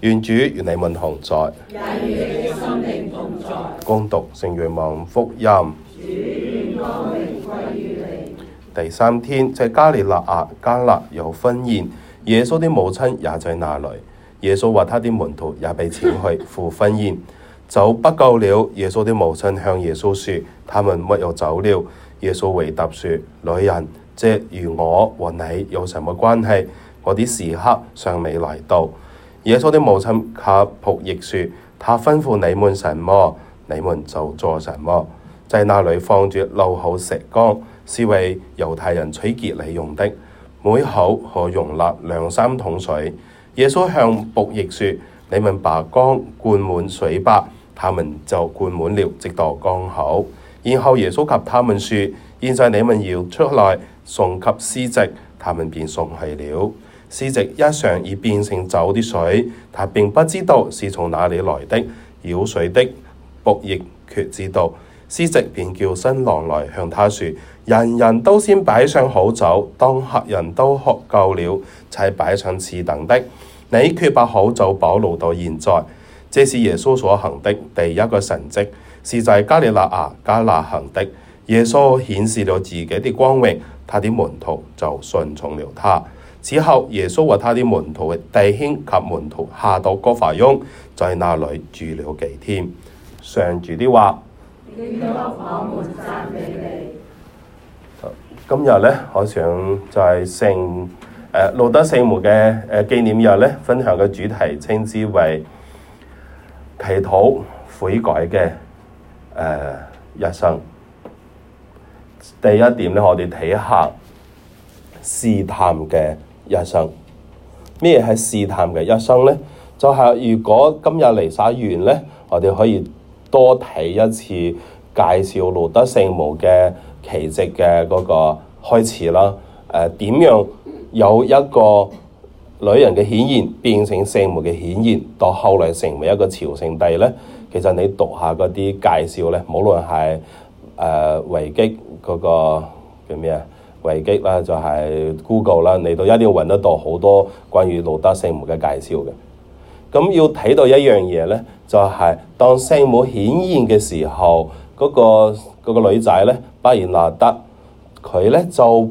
願主願你問與你們同在，也與你的心靈同在。恭讀《聖若望福音》。第三天，在加里肋亞加納有婚宴，耶穌的母親也在那裡。耶穌話：他的門徒也被請去赴婚宴，酒不夠了。耶穌的母親向耶穌說：他們沒有酒了。耶穌回答說：女人，這與我和你有什麼關係？我的時刻尚未來到。耶穌的母親給僕役說：他吩咐你們什麼，你們就做什麼。在那裡放著六口石缸，是為猶太人取潔禮用的，每口可容納兩三桶水。耶穌向僕役說：你們把缸灌滿水吧，他們就灌滿了，直到缸口。然後耶穌給他們說：現在你們要出來送給司職，他們便送去了。司席一嘗已變成酒的水，他並不知道是從哪裡來的。舀水的僕役卻知道，司席便叫新郎來向他説：人人都先擺上好酒，當客人都喝夠了，才擺上次等的。你卻把好酒保留到現在。這是耶穌所行的第一個神跡，是在加利納亞加納行的。耶穌顯示了自己的光榮，他的門徒就順從了他。此後，耶穌和他啲門徒嘅弟兄及門徒下到葛法翁，在那裏住了幾天。上主嘅話，今日呢，我想在聖誒、呃、路德聖母嘅誒紀念日呢，分享嘅主題稱之為祈禱悔改嘅誒一生。第一點呢，我哋睇下試探嘅。一生，咩係試探嘅一生咧？就係、是、如果今日嚟曬完咧，我哋可以多睇一次介紹露德聖母嘅奇蹟嘅嗰個開始啦。誒、呃、點樣有一個女人嘅顯現變成聖母嘅顯現，到後嚟成為一個朝聖地咧？其實你讀下嗰啲介紹咧，無論係誒維基嗰個叫咩啊？危機啦，就係 Google 啦，你都一定要揾得到好多關於露德聖母嘅介紹嘅。咁要睇到一樣嘢咧，就係、是、當聖母顯現嘅時候，嗰、那個那個女仔咧，巴爾納德，佢咧就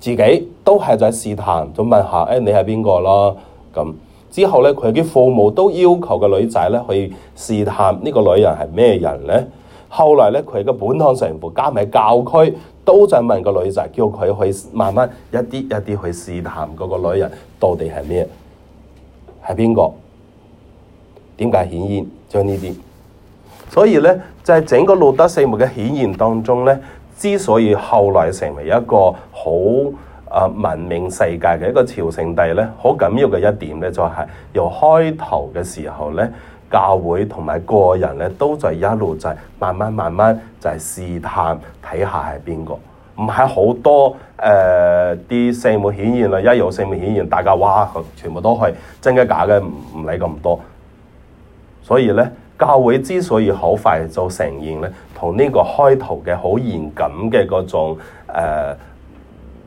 自己都係在試探，就問下誒、欸、你係邊個咯。咁之後咧，佢啲父母都要求個女仔咧去試探呢個女人係咩人咧。後來咧，佢個本堂神父加埋教區都在問個女仔，叫佢去慢慢一啲一啲去試探嗰個女人到底係咩，係邊個，點解顯現將呢啲？所以咧，就係、是、整個露德聖母嘅顯現當中咧，之所以後來成為一個好啊文明世界嘅一個朝聖地咧，好緊要嘅一點咧，就係由開頭嘅時候咧。教會同埋個人咧，都在一路在慢慢慢慢就係試探睇下係邊個，唔係好多誒啲聖母顯現啦，一有聖母顯現，大家哇，全部都係真嘅假嘅，唔理咁多。所以咧，教會之所以好快就承認咧，同呢個開頭嘅好嚴謹嘅嗰種誒、呃、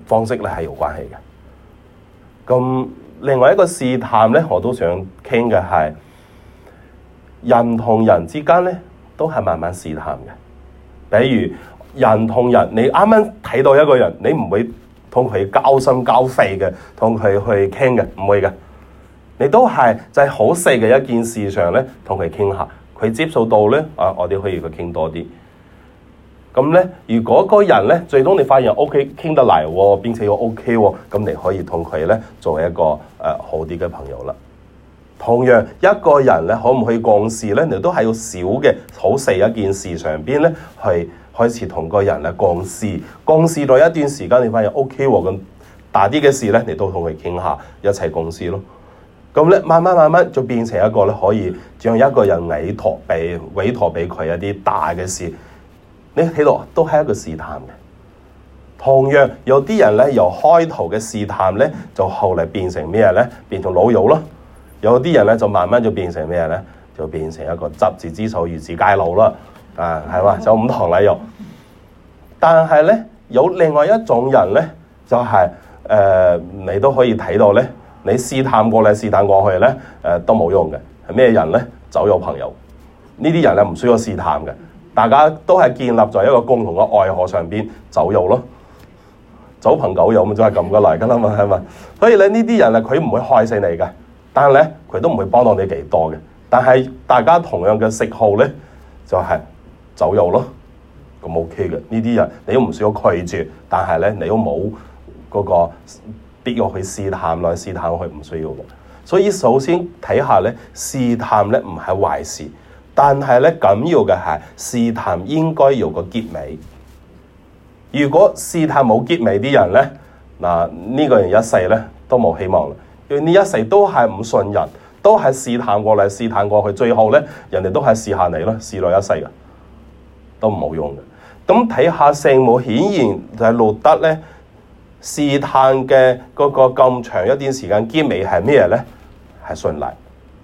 方式咧係有關係嘅。咁另外一個試探咧，我都想傾嘅係。人同人之間咧，都係慢慢試探嘅。比如人同人，你啱啱睇到一個人，你唔會同佢交心交肺嘅，同佢去傾嘅，唔會嘅。你都係在好細嘅一件事上咧，同佢傾下。佢接受到咧，啊，我哋可以去傾多啲。咁咧，如果嗰人咧最終你發現 OK 傾得嚟喎、哦，並且要 OK 喎、哦，咁你可以同佢咧做一個誒、呃、好啲嘅朋友啦。同樣一個人咧，可唔可以共事咧？你都係要少嘅好細一件事上邊咧，係開始同個人咧共事。共事到一段時間，你發現 OK 喎，咁大啲嘅事咧，你都同佢傾下一齊共事咯。咁咧，慢慢慢慢就變成一個咧，可以將一個人委託畀、委託畀佢一啲大嘅事。你睇落都係一個試探嘅。同樣有啲人咧，由開頭嘅試探咧，就後嚟變成咩咧？變成老友咯。有啲人咧就慢慢就變成咩咧？就變成一個執子之手，與子偕老啦，啊，係嘛？有五堂禮肉。但係咧，有另外一種人咧，就係、是、誒、呃，你都可以睇到咧，你試探過嚟試探過去咧，誒、呃，都冇用嘅。係咩人咧？酒肉朋友呢啲人咧，唔需要試探嘅，大家都係建立在一個共同嘅愛河上邊酒肉咯，酒朋狗友咁就係咁嘅嚟噶啦嘛，係咪？所以咧，呢啲人咧，佢唔會害死你嘅。但係咧，佢都唔會幫到你幾多嘅。但係大家同樣嘅嗜好咧，就係、是、酒肉咯，咁 OK 嘅呢啲人，你都唔需要拒絕。但係咧，你都冇嗰個必要去試探來試探去試探，唔需要。所以首先睇下咧，試探咧唔係壞事，但係咧緊要嘅係試探應該有個結尾。如果試探冇結尾啲人咧，嗱，呢個人一世咧都冇希望啦。你一世都係唔信任，都係試探過嚟試探過去，最後咧，人哋都係試下你咯，試耐一世嘅，都冇用嘅。咁睇下聖母，顯然就係露德咧，試探嘅嗰個咁長一段時間，結尾係咩咧？係順利，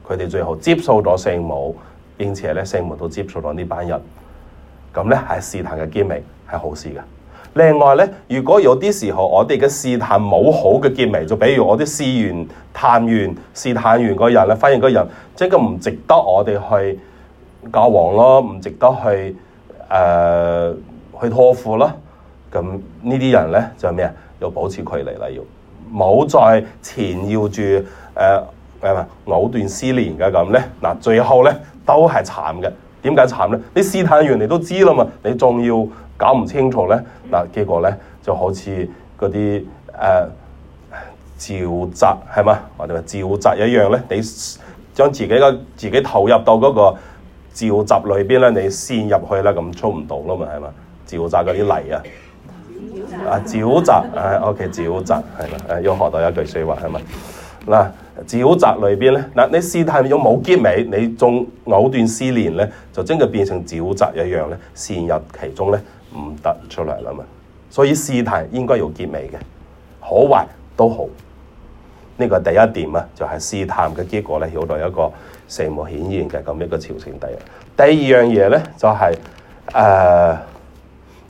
佢哋最後接受咗聖母，並且咧聖母都接受咗呢班人，咁咧係試探嘅結尾係好事嘅。另外咧，如果有啲時候我哋嘅試探冇好嘅結尾，就比如我啲試完探完試探完個人啦，發現個人即係唔值得我哋去交往咯，唔值得去誒、呃、去託付啦。咁呢啲人咧就係咩啊？要保持距離啦，要冇再纏繞住誒誒唔係藕斷絲連嘅咁咧。嗱，最後咧都係慘嘅。點解慘咧？你試探完你都知啦嘛，你仲要。搞唔清楚咧，嗱，結果咧就好似嗰啲誒沼澤係嘛，我哋話沼澤一樣咧，你將自己嘅自己投入到嗰個沼澤裏邊咧，你陷入去咧，咁出唔到咯嘛係嘛？沼澤嗰啲泥啊，沼澤啊沼澤 啊，OK 沼澤係啦，誒要學到一句説話係嘛，嗱，沼澤裏邊咧嗱，你試探有冇結尾，你仲藕斷絲連咧，就真嘅變成沼澤一樣咧，陷入其中咧。唔得出嚟啦嘛，所以試探應該要結尾嘅，好壞都好，呢、這個第一點啊，就係試探嘅結果咧，好到一個聖母顯現嘅咁一個朝聖地。第二樣嘢咧、就是，就係誒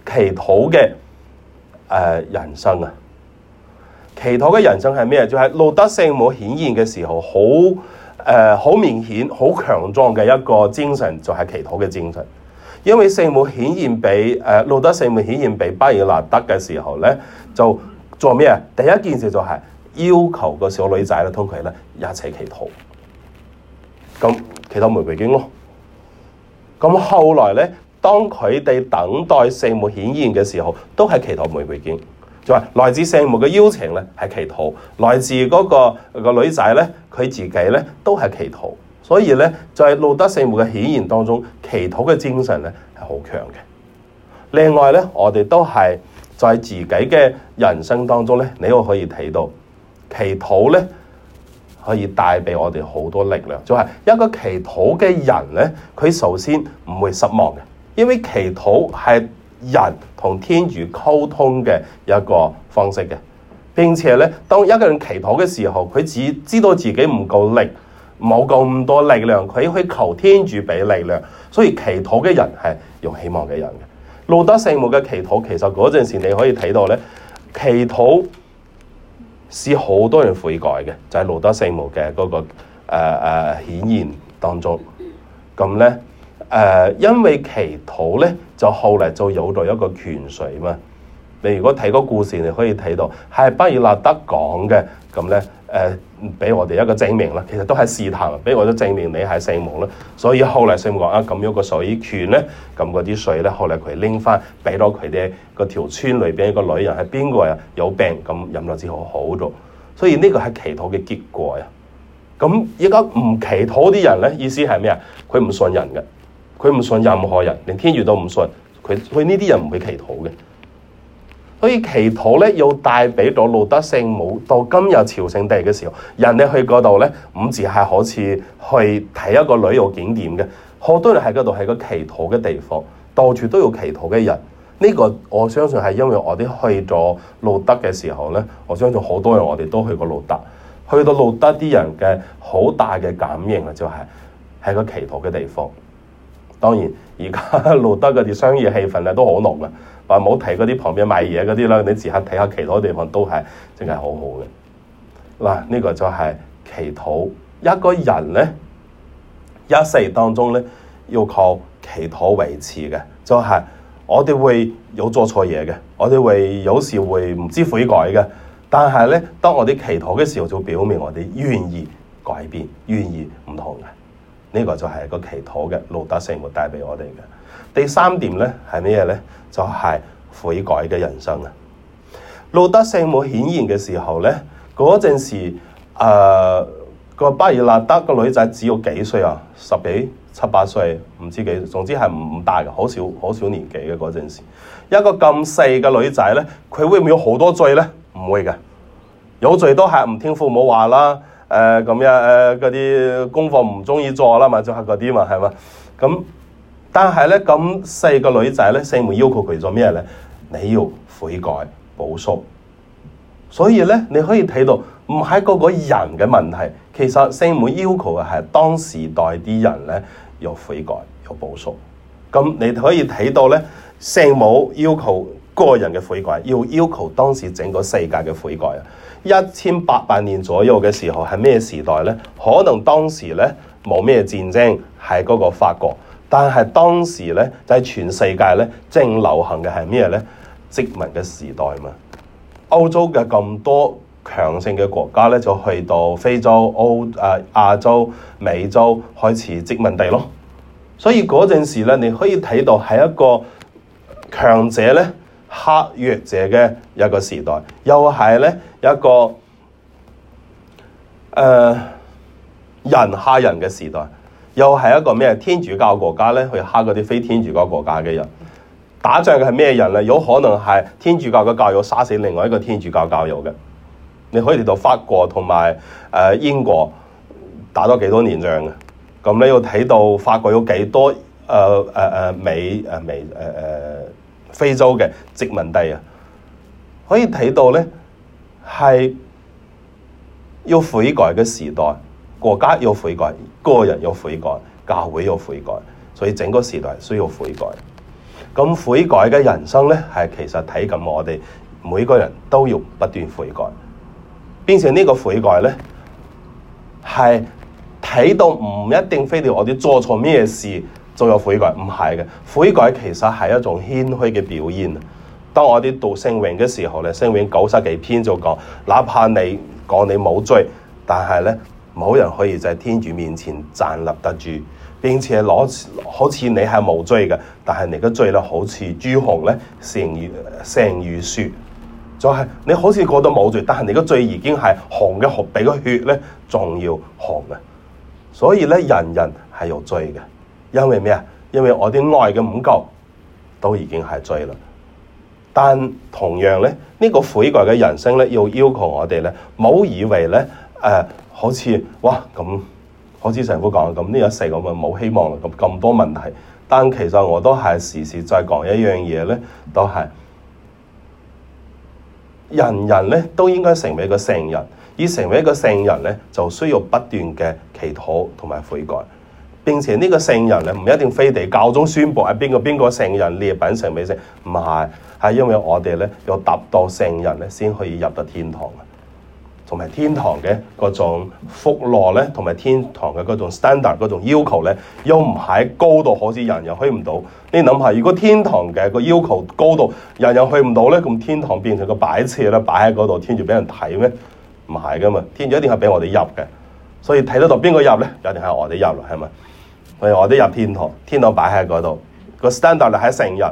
祈禱嘅誒人生啊，祈禱嘅人生係咩？就係、是、露德聖母顯現嘅時候，好誒好明顯好強壯嘅一個精神，就係、是、祈禱嘅精神。因為聖母顯現畀誒、呃、路德聖母顯現畀巴爾納德嘅時候咧，就做咩啊？第一件事就係要求個小女仔咧，同佢咧一齊祈禱。咁祈禱玫瑰經咯。咁後來咧，當佢哋等待聖母顯現嘅時候，都係祈禱玫瑰經。就話、是、來自聖母嘅邀請咧，係祈禱；來自嗰、那個那個女仔咧，佢自己咧都係祈禱。所以咧，在、就是、露德聖母嘅顯現當中，祈禱嘅精神咧係好強嘅。另外咧，我哋都係在自己嘅人生當中咧，你都可以睇到祈禱咧可以帶俾我哋好多力量。就係、是、一個祈禱嘅人咧，佢首先唔會失望嘅，因為祈禱係人同天主溝通嘅一個方式嘅。並且咧，當一個人祈禱嘅時候，佢只知道自己唔夠力。冇咁多力量，佢去求天主俾力量，所以祈禱嘅人係有希望嘅人嘅。露德聖母嘅祈禱，其實嗰陣時你可以睇到咧，祈禱使好多人悔改嘅，就係、是、露德聖母嘅嗰、那個誒誒顯現當中。咁咧誒，因為祈禱咧，就後嚟就有咗一個泉水嘛。你如果睇個故事，你可以睇到係不爾納德講嘅，咁咧。誒俾、呃、我哋一個證明啦，其實都係試探，畀我哋證明你係聖母啦。所以後嚟聖母講啊，咁樣個水權咧，咁嗰啲水咧，後嚟佢拎翻畀到佢哋嗰條村裏邊一個女人係邊個呀？有病咁飲落之後好咗，所以呢個係祈禱嘅結果呀。咁而家唔祈禱啲人咧，意思係咩啊？佢唔信人嘅，佢唔信任何人，連天主都唔信。佢佢呢啲人唔會祈禱嘅。所以祈禱咧，要帶畀到露德聖母到今日朝聖地嘅時候，人哋去嗰度咧，唔止係好似去睇一個旅遊景點嘅，好多人喺嗰度係個祈禱嘅地方，到處都有祈禱嘅人。呢個我相信係因為我哋去咗露德嘅時候咧，我相信好多人我哋都去過露德，去到露德啲人嘅好大嘅感應啊，就係係個祈禱嘅地方。當然，而家露德嗰啲商業氣氛都好濃嘅，話冇提嗰啲旁邊賣嘢嗰啲啦，你自己睇下其他地方都係真係好好嘅。嗱，呢個就係祈禱。一個人咧，一世當中咧要靠祈禱維持嘅，就係我哋會有做錯嘢嘅，我哋會有時會唔知悔改嘅，但係咧當我哋祈禱嘅時候，就表明我哋願意改變，願意唔同嘅。呢個就係一個祈禱嘅路德聖母帶畀我哋嘅第三點咧，係咩咧？就係、是、悔改嘅人生啊！路德聖母顯現嘅時候咧，嗰陣時誒個、呃、巴爾納德個女仔只有幾歲啊？十幾、七八歲，唔知幾，總之係唔大嘅，好少好少年紀嘅嗰陣時，一個咁細嘅女仔咧，佢會唔會有好多罪咧？唔會嘅，有罪都係唔聽父母話啦。誒咁、呃、樣嗰啲、呃、功課唔鍾意做啦嘛，就係嗰啲嘛係嘛，咁但係咧咁四個女仔咧，聖母要求佢做咩咧？你要悔改補贖，所以咧你可以睇到唔係個個人嘅問題，其實聖母要求係當時代啲人咧要悔改，要補贖，咁你可以睇到咧聖母要求。個人嘅悔改要要求當時整個世界嘅悔改啊！一千八百年左右嘅時候係咩時代呢？可能當時呢冇咩戰爭，係嗰個法國，但係當時呢就係、是、全世界呢正流行嘅係咩呢？殖民嘅時代嘛！歐洲嘅咁多強盛嘅國家呢，就去到非洲、歐誒、啊、亞洲、美洲開始殖民地咯。所以嗰陣時呢，你可以睇到係一個強者呢。黑弱者嘅一個時代，又係咧一個誒、呃、人嚇人嘅時代，又係一個咩天主教國家咧去嚇嗰啲非天主教國家嘅人，打仗嘅係咩人咧？有可能係天主教嘅教友殺死另外一個天主教教友嘅。你可以睇到法國同埋誒英國打咗幾多年仗嘅，咁你要睇到法國有幾多誒誒誒美誒、呃、美誒誒。呃非洲嘅殖民地啊，可以睇到咧，係要悔改嘅時代，國家要悔改，個人要悔改，教會要悔改，所以整個時代需要悔改。咁悔改嘅人生咧，係其實睇緊我哋每個人都要不斷悔改。變成呢個悔改咧，係睇到唔一定非要我哋做錯咩事。都有悔改，唔係嘅，悔改其實係一種謙虛嘅表現。當我哋讀聖詠嘅時候咧，聖詠九十幾篇就講，哪怕你講你冇罪，但係咧冇人可以在天主面前站立得住。並且攞好似你係冇罪嘅，但係你嘅罪咧好似朱紅咧，成如成如雪，就係、是、你好似過到冇罪，但係你嘅罪已經係紅嘅，紅，比個血咧仲要紅啊！所以咧，人人係有罪嘅。因為咩啊？因為我啲愛嘅五舊都已經係追啦。但同樣咧，呢、這個悔改嘅人生咧，要要求我哋咧，唔好以為咧，誒、呃，好似哇咁，好似神父講咁，呢一世咁啊，冇希望啦，咁咁多問題。但其實我都係時時在講一樣嘢咧，都係人人咧都應該成為一個聖人。而成為一個聖人咧，就需要不斷嘅祈禱同埋悔改。並且呢個聖人咧，唔一定非得教宗宣佈係邊個邊個聖人列品成美。先，唔係，係因為我哋咧要達到聖人咧，先可以入到天堂啊。同埋天堂嘅嗰種福樂咧，同埋天堂嘅嗰種 standard 嗰種要求咧，又唔係高到好似人又去唔到。你諗下，如果天堂嘅個要求高到人又去唔到咧，咁天堂變成個擺設啦，擺喺嗰度天主俾人睇咩？唔係噶嘛，天主一定係俾我哋入嘅，所以睇到度邊個入咧，一定係我哋入喇，係咪？我哋入天堂，天堂擺喺嗰度。個 standard 係成日，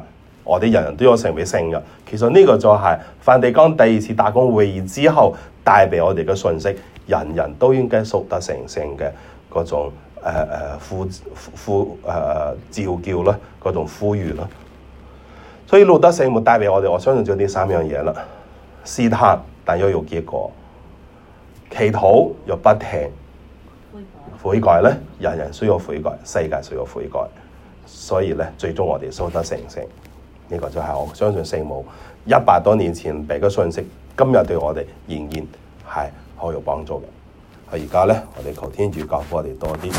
我哋人人都要成為成日。其實呢個就係梵蒂岡第二次大公會議之後帶畀我哋嘅信息，人人都應該修得成聖嘅嗰種誒誒、呃、呼呼誒、呃、召叫啦，嗰種呼籲啦。所以露德聖母帶畀我哋，我相信就呢三樣嘢啦。試探但要有結果，祈禱又不停。悔改咧，人人需要悔改，世界需要悔改，所以咧，最終我哋收得成性，呢、這個就係我相信聖母一百多年前俾嘅信息，今日對我哋仍然係好有幫助嘅。而家咧，我哋求天主教訓我哋多啲。